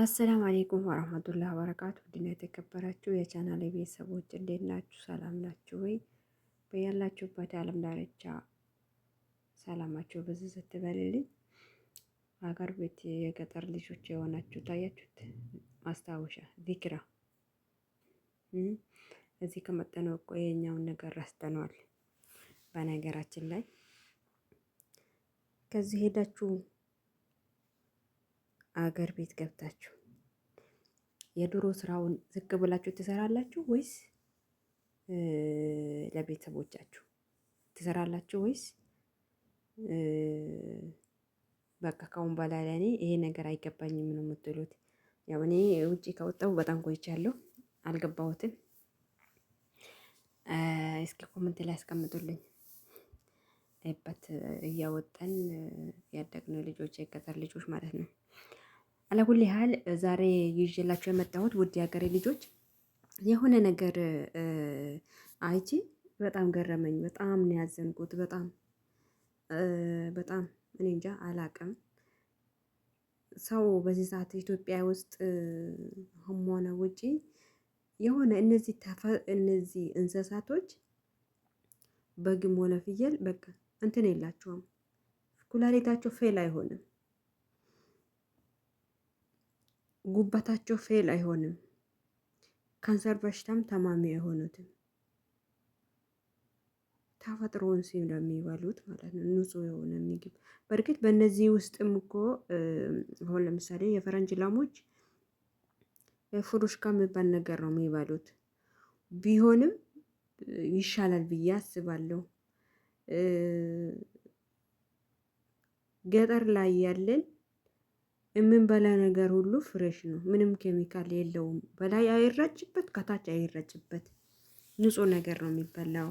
አሰላም አሌይኩም ወረህመቱላህ በረካቱ ድና የተከበራችሁ የቻናል ቤተሰቦች እንዴት ናችሁ? ሰላም ናችሁ ወይ? በያላችሁበት የዓለም ዳርቻ ሰላማችሁ ብዙ ስትበልልኝ። ሀገር ቤት የገጠር ልጆች የሆናችሁ ታያችሁት ማስታወሻ ዚክራ እዚህ ከመጠነው እኮ የኛውን ነገር ረስተነዋል። በነገራችን ላይ ከዚህ ሄዳችሁ አገር ቤት ገብታችሁ የድሮ ስራውን ዝቅ ብላችሁ ትሰራላችሁ ወይስ ለቤተሰቦቻችሁ ትሰራላችሁ ወይስ በቃ ካሁን በላይ ለእኔ ይሄ ነገር አይገባኝም ነው የምትሉት? ያው እኔ ውጭ ከወጣሁ በጣም ቆይቻለሁ፣ አልገባሁትም። እስኪ ኮመንት ላይ አስቀምጡልኝ። በት እያወጠን ያደግነው ልጆች የገጠር ልጆች ማለት ነው። አላኩል ያህል ዛሬ ይዤላቸው የመጣሁት ውድ የሀገሬ ልጆች የሆነ ነገር አይቼ በጣም ገረመኝ። በጣም ነው ያዘንኩት። በጣም በጣም እኔ እንጃ አላቅም። ሰው በዚህ ሰዓት ኢትዮጵያ ውስጥ ሆነ ውጪ የሆነ እነዚህ እነዚህ እንስሳቶች በግም ሆነ ፍየል በቃ እንትን የላቸውም ኩላሊታቸው ፌል አይሆንም። ጉበታቸው ፌል አይሆንም። ካንሰር በሽታም ተማሚ አይሆኑትም። ተፈጥሮውን እንደሚበሉት ማለት ነው፣ ንጹህ የሆነ ምግብ። በእርግጥ በእነዚህ ውስጥም እኮ አሁን ለምሳሌ የፈረንጅ ላሞች ፍሩሽካ የሚባል ነገር ነው የሚበሉት። ቢሆንም ይሻላል ብዬ አስባለሁ። ገጠር ላይ ያለን የምንበላ ነገር ሁሉ ፍሬሽ ነው። ምንም ኬሚካል የለውም። በላይ አይረጭበት፣ ከታች አይረጭበት። ንጹህ ነገር ነው የሚበላው።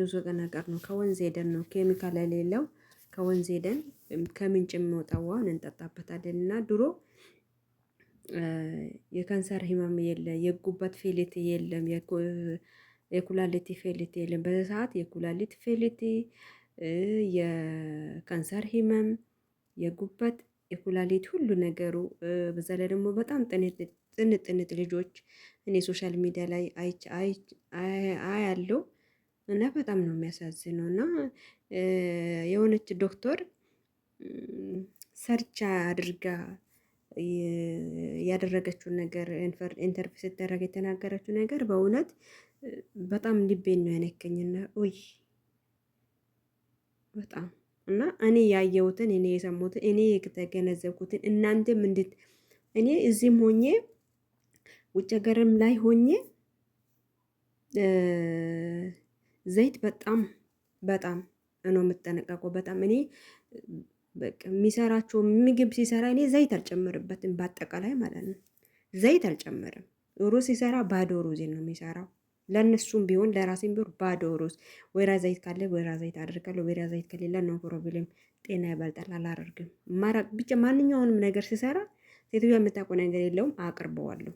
ንጹህ ነገር ነው። ከወንዝ ሄደን ነው ኬሚካል የሌለው ከወንዝ ሄደን ከምንጭ የሚወጣው ውሃውን እንጠጣበታለን። እና ድሮ የካንሰር ህመም የለ፣ የጉበት ፌሌት የለም፣ የኩላሊት ፌሌት የለም። በዚ ሰዓት የኩላሊት ፌሌት፣ የካንሰር ህመም፣ የጉበት የኩላሊት ሁሉ ነገሩ በዛ ላይ ደግሞ በጣም ጥንጥንጥ ልጆች እኔ ሶሻል ሚዲያ ላይ አይች አያለው እና በጣም ነው የሚያሳዝነው። እና የሆነች ዶክተር ሰርቻ አድርጋ ያደረገችውን ነገር ኢንተርቪው ስደረግ የተናገረችው ነገር በእውነት በጣም ልቤን ነው ያነከኝና ውይ በጣም እና እኔ ያየሁትን እኔ የሰሙትን እኔ የተገነዘብኩትን እናንተም እንድት እኔ እዚህም ሆኜ ውጭ ሀገርም ላይ ሆኜ ዘይት በጣም በጣም ነው የምጠነቀቀው። በጣም እኔ የሚሰራቸው ምግብ ሲሰራ እኔ ዘይት አልጨምርበትም፣ በአጠቃላይ ማለት ነው ዘይት አልጨምርም። ሩዝ ሲሰራ ባዶ ሩዝ ነው የሚሰራው። ለእነሱም ቢሆን ለራሴም ቢሆን ባዶ ሩዝ ወይራ ዘይት ካለ ወይራ ዘይት አደርጋለሁ። ወይራ ዘይት ከሌለ ነው ፕሮብሌም። ጤና ይበልጣል አላደርግም። ማራቅ ብቻ ማንኛውንም ነገር ሲሰራ ሴትዮዋ የምታውቀው ነገር የለውም፣ አቅርበዋለሁ።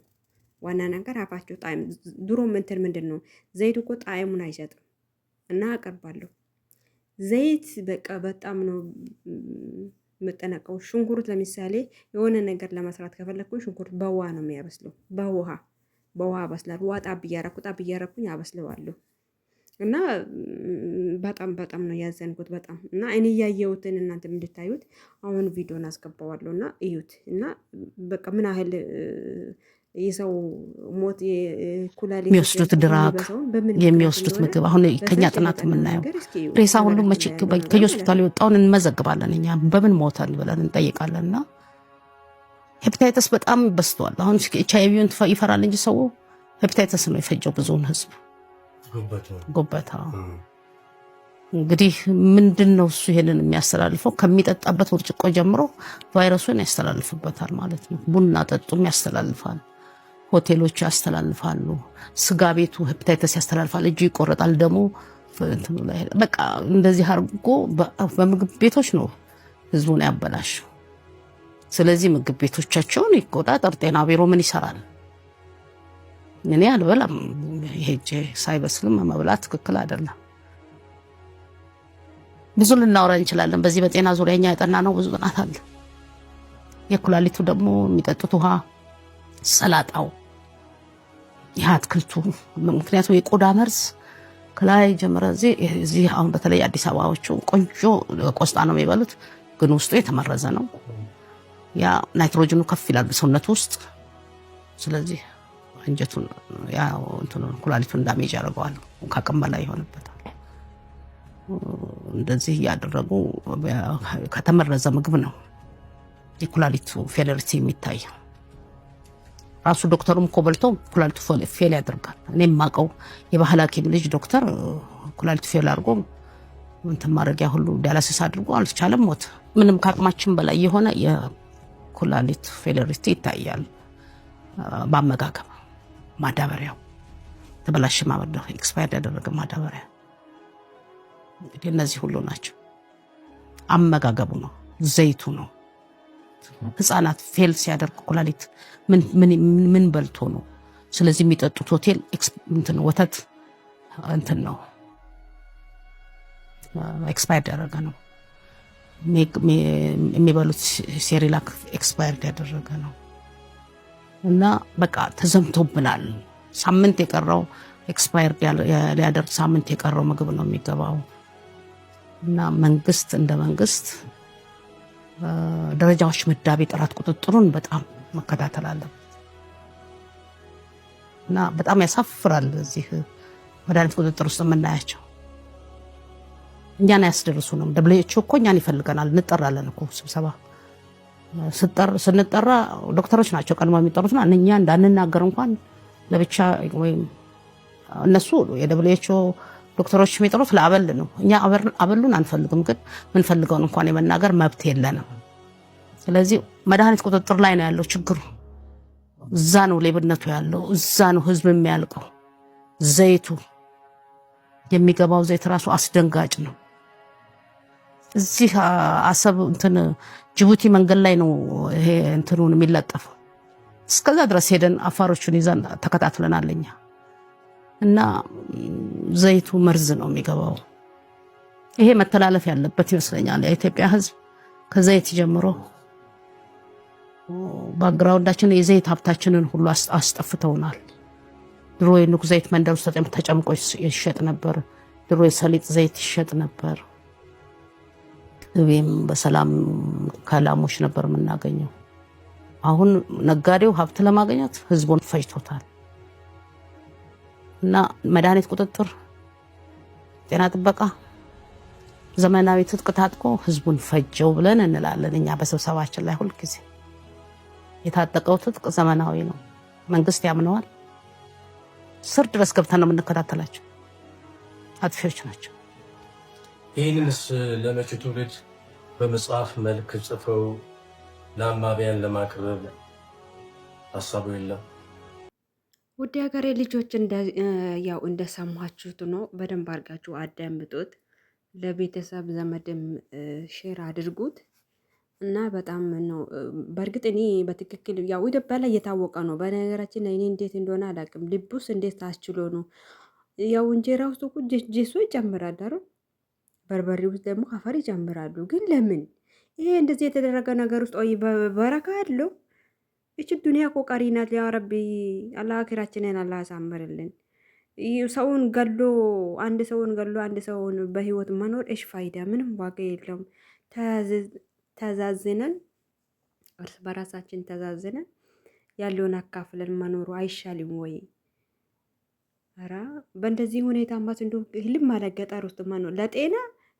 ዋና ነገር አፋቸው ጣዕም። ድሮ ምንትን ምንድን ነው ዘይት እኮ ጣዕሙን አይሰጥም እና አቅርባለሁ። ዘይት በቃ በጣም ነው የምጠነቀው። ሽንኩርት ለምሳሌ የሆነ ነገር ለመስራት ከፈለግኩ ሽንኩርት በውሃ ነው የሚያበስለው በውሃ በውሃ አበስላለሁ። ውሃ ጣብ እያረኩ ጣብ እያረኩኝ አበስለዋለሁ። እና በጣም በጣም ነው ያዘንኩት በጣም እና እኔ ያየሁትን እናንተ እንድታዩት አሁን ቪዲዮን አስገባዋለሁ እና እዩት። እና በቃ ምን ያህል የሰው ሞት ኩላሊት የሚወስዱት ድራግ የሚወስዱት ምግብ አሁን ከኛ ጥናት የምናየው ሬሳ ሁሉ መቼ ከየሆስፒታሉ የወጣውን እንመዘግባለን። እኛ በምን ሞተል ብለን እንጠይቃለን እና ሄፕታይተስ በጣም ይበስተዋል አሁን ኤች አይ ቪውን ይፈራል እንጂ ሰው ሄፕታይተስ ነው የፈጀው ብዙውን ህዝብ ጎበታ። እንግዲህ ምንድን ነው እሱ ይሄንን የሚያስተላልፈው ከሚጠጣበት ብርጭቆ ጀምሮ ቫይረሱን ያስተላልፍበታል ማለት ነው። ቡና ጠጡም ያስተላልፋል፣ ሆቴሎቹ ያስተላልፋሉ፣ ስጋ ቤቱ ሄፕታይተስ ያስተላልፋል። እጁ ይቆረጣል ደግሞ በቃ እንደዚህ አድርጎ በምግብ ቤቶች ነው ህዝቡን ያበላሸው። ስለዚህ ምግብ ቤቶቻቸውን ይቆጣጠር። ጤና ቢሮ ምን ይሰራል? እኔ አልበላም። ሄጄ ሳይበስልም መብላት ትክክል አይደለም። ብዙ ልናወራ እንችላለን። በዚህ በጤና ዙሪያ እኛ ነው ብዙ ጥናት አለ። የኩላሊቱ ደግሞ የሚጠጡት ውሃ፣ ሰላጣው፣ ይህ አትክልቱ ምክንያቱም የቆዳ መርዝ ከላይ ጀምረ እዚህ አሁን በተለይ አዲስ አበባዎቹ ቆንጆ ቆስጣ ነው የሚበሉት፣ ግን ውስጡ የተመረዘ ነው። ያ ናይትሮጅኑ ከፍ ይላል በሰውነት ውስጥ። ስለዚህ እንጀቱን ያው ኩላሊቱን ዳሜጅ ያደርገዋል፣ ከቅም በላይ ይሆንበታል። እንደዚህ እያደረጉ ከተመረዘ ምግብ ነው የኩላሊቱ ፌለርቲ የሚታይ ራሱ ዶክተሩም ኮበልቶ በልቶ ኩላሊቱ ፌል ያደርጋል። እኔ የማውቀው የባህል ሐኪም ልጅ ዶክተር ኩላሊቱ ፌል አድርጎ ምንትን ማድረጊያ ሁሉ ዳላሲስ አድርጎ አልቻለም፣ ሞት። ምንም ከአቅማችን በላይ የሆነ ኩላሊት ፌለሪቲ ይታያል። በአመጋገብ ማዳበሪያው ተበላሽ ማበደ ኤክስፓየርድ ያደረገ ማዳበሪያ እንግዲህ እነዚህ ሁሉ ናቸው። አመጋገቡ ነው፣ ዘይቱ ነው። ህፃናት ፌል ሲያደርግ ኩላሊት ምን በልቶ ነው? ስለዚህ የሚጠጡት ሆቴል እንትን ወተት እንትን ነው፣ ኤክስፓየርድ ያደረገ ነው። የሚበሉት ሴሪላክ ኤክስፓየርድ ያደረገ ነው እና በቃ ተዘምቶብናል። ሳምንት የቀረው ኤክስፓየርድ ሊያደርግ ሳምንት የቀረው ምግብ ነው የሚገባው እና መንግስት እንደ መንግስት ደረጃዎች ምዳቤ ጥራት ቁጥጥሩን በጣም መከታተል አለበት እና በጣም ያሳፍራል። እዚህ መድኃኒት ቁጥጥር ውስጥ የምናያቸው እኛን አያስደርሱንም። ነው ኤች ኦ እኮ እኛን ይፈልገናል። እንጠራለን እኮ ስብሰባ ስንጠራ ዶክተሮች ናቸው ቀድሞ ና እኛ እንዳንናገር እንኳን ለብቻ ወይም እነሱ የደብሌ ኤች ኦ ዶክተሮች የሚጠሩት ለአበል ነው። እኛ አበሉን አንፈልግም፣ ግን ምንፈልገውን እንኳን የመናገር መብት የለንም። ስለዚህ መድኃኒት ቁጥጥር ላይ ነው ያለው ችግሩ። እዛ ነው ሌብነቱ ያለው፣ እዛ ነው ህዝብ የሚያልቀው። ዘይቱ የሚገባው ዘይት ራሱ አስደንጋጭ ነው። እዚህ አሰብ እንትን ጅቡቲ መንገድ ላይ ነው ይሄ እንትኑን የሚለጠፈው። እስከዛ ድረስ ሄደን አፋሮቹን ይዘን ተከታትለናል እኛ እና ዘይቱ መርዝ ነው የሚገባው። ይሄ መተላለፍ ያለበት ይመስለኛል። የኢትዮጵያ ሕዝብ ከዘይት ጀምሮ ባግራውንዳችን የዘይት ሀብታችንን ሁሉ አስጠፍተውናል። ድሮ የኑግ ዘይት መንደር ውስጥ ተጨምቆ ይሸጥ ነበር። ድሮ የሰሊጥ ዘይት ይሸጥ ነበር። ቅቤም በሰላም ከላሞች ነበር የምናገኘው። አሁን ነጋዴው ሀብት ለማግኘት ህዝቡን ፈጅቶታል። እና መድኃኒት ቁጥጥር፣ ጤና ጥበቃ፣ ዘመናዊ ትጥቅ ታጥቆ ህዝቡን ፈጀው ብለን እንላለን። እኛ በስብሰባችን ላይ ሁልጊዜ የታጠቀው ትጥቅ ዘመናዊ ነው፣ መንግስት ያምነዋል። ስር ድረስ ገብተን ነው የምንከታተላቸው። አጥፊዎች ናቸው። ይህንንስ ለመጪ ትውልድ በመጽሐፍ መልክ ጽፈው ለአንባቢያን ለማቅረብ ሀሳቡ የለም። ውድ ሀገሬ ልጆች ያው እንደሰማችሁት ነው። በደንብ አድርጋችሁ አዳምጡት። ለቤተሰብ ዘመድም ሼር አድርጉት እና በጣም ነው። በእርግጥ እኔ በትክክል ያው ኢትዮጵያ ላይ እየታወቀ ነው። በነገራችን እኔ እንዴት እንደሆነ አላውቅም። ልቡስ እንዴት ታስችሎ ነው ያው እንጀራ ውስጥ ጄሶ ይጨምራል አይደል በርበሬ ውስጥ ደግሞ አፈር ይጨምራሉ። ግን ለምን ይሄ እንደዚህ የተደረገ ነገር ውስጥ ወይ በረካ አለው? እች ዱኒያ እኮ ናት። ያ ረቢ አላህ አኪራችንን አላህ ያሳምርልን። ሰውን ገሎ አንድ ሰውን ገሎ አንድ ሰውን በህይወት መኖር እሽ ፋይዳ ምንም ዋጋ የለውም። ተዛዝነን እርስ በራሳችን ተዛዝነን ያለውን አካፍለን መኖሩ አይሻልም ወይ? ኧረ በእንደዚህ ሁኔታ ማት እንደውም ህልም ማለት ገጠር ውስጥ መኖር ለጤና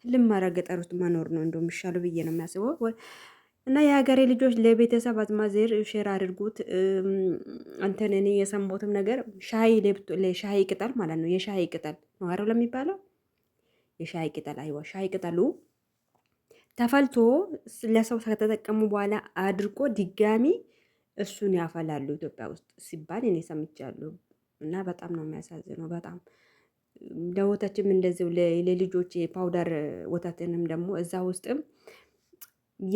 ህልም ማለት ገጠር ውስጥ መኖር ነው እንደውም ይሻለው ብዬ ነው የሚያስበው። እና የሀገሬ ልጆች ለቤተሰብ አዝማዜር ሼር አድርጉት። አንተን እኔ የሰማሁትም ነገር ሻይ ለሻይ ቅጠል ማለት ነው የሻይ ቅጠል ነው አይደል ለሚባለው የሻይ ቅጠል አይዋ ሻይ ቅጠሉ ተፈልቶ ለሰው ከተጠቀሙ በኋላ አድርቆ ድጋሚ እሱን ያፈላሉ ኢትዮጵያ ውስጥ ሲባል እኔ ሰምቻለሁ። እና በጣም ነው የሚያሳዝነው። በጣም ለወተትም እንደዚሁ ለልጆች የፓውደር ወተትንም ደግሞ እዛ ውስጥም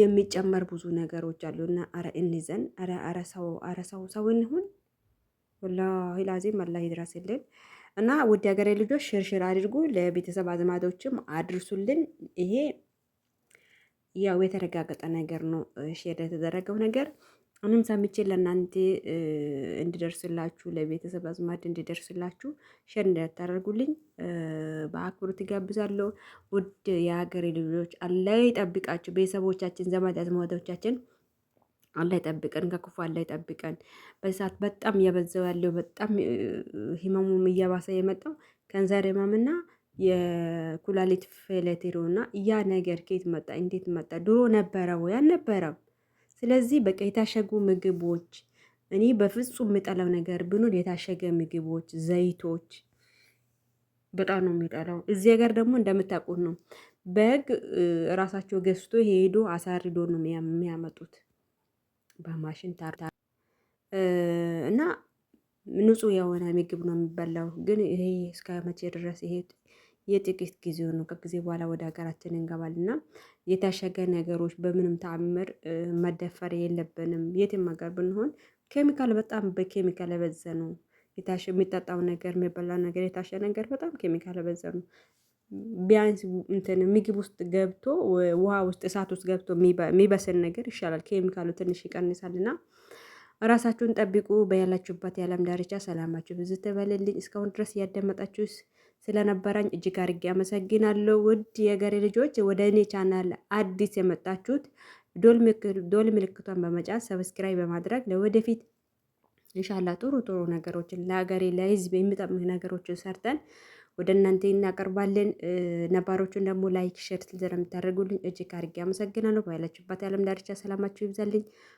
የሚጨመር ብዙ ነገሮች አሉ እና አረ እንዘን አረ ሰው አረ ሰው ሰው እንሁን። ወላሂ ላዚም አላህ ይድረስልን እና ውድ ሀገሬ ልጆች ሽርሽር አድርጉ፣ ለቤተሰብ አዝማዶችም አድርሱልን። ይሄ ያው የተረጋገጠ ነገር ነው ሼር የተደረገው ነገር እኔም ሰምቼ ለእናንተ እንዲደርስላችሁ ለቤተሰብ አዝማድ እንዲደርስላችሁ ሸር እንዳታደርጉልኝ በአክብሮት ይጋብዛለሁ። ውድ የሀገሬ ልጆች አላህ ይጠብቃችሁ። ቤተሰቦቻችን፣ ዘመድ አዝማዶቻችን አላህ ይጠብቀን፣ ከክፉ አላህ ይጠብቀን። በሰዓት በጣም እየበዛው ያለው በጣም ህመሙም እያባሰ የመጣው ከንዘር ህመምና የኩላሊት ፌለቴሮና ያ ነገር ከየት መጣ እንዴት መጣ? ድሮ ነበረው ወይ አልነበረም? ስለዚህ በቃ የታሸጉ ምግቦች እኔ በፍጹም የምጠላው ነገር ብኖር የታሸገ ምግቦች፣ ዘይቶች በጣም ነው የሚጠላው። እዚህ ሀገር ደግሞ እንደምታውቁት ነው በግ ራሳቸው ገዝቶ ሄዶ አሳርዶ ነው የሚያመጡት በማሽን ታርታ እና ንጹህ የሆነ ምግብ ነው የሚበላው። ግን ይሄ እስከ መቼ ድረስ ይሄድ? የጥቂት ጊዜው ነው። ከጊዜ በኋላ ወደ ሀገራችን እንገባልና የታሸገ ነገሮች በምንም ተአምር መደፈር የለብንም። የትም ሀገር ብንሆን ኬሚካል በጣም በኬሚካል የበዘ ነው። የሚጠጣው ነገር የሚበላ ነገር የታሸ ነገር በጣም ኬሚካል የበዘ ነው። ቢያንስ እንትን ምግብ ውስጥ ገብቶ ውሃ ውስጥ እሳት ውስጥ ገብቶ የሚበስል ነገር ይሻላል። ኬሚካሉ ትንሽ ይቀንሳልና ራሳችሁን ጠብቁ። በያላችሁበት የዓለም ዳርቻ ሰላማችሁ ብዙ ተበልልኝ። እስካሁን ድረስ እያደመጣችሁ ስለነበረኝ እጅግ አድርጌ አመሰግናለሁ። ውድ የገሬ ልጆች ወደ እኔ ቻናል አዲስ የመጣችሁት ዶል ምልክቷን በመጫን ሰብስክራይብ በማድረግ ለወደፊት እንሻላ ጥሩ ጥሩ ነገሮችን ለሀገሬ ለህዝብ የሚጠቅሙ ነገሮችን ሰርተን ወደ እናንተ እናቀርባለን። ነባሮቹን ደግሞ ላይክ፣ ሼር ስለምታደርጉልኝ እጅግ አድርጌ አመሰግናለሁ። ባላችሁበት የዓለም ዳርቻ ሰላማችሁ ይብዛልኝ።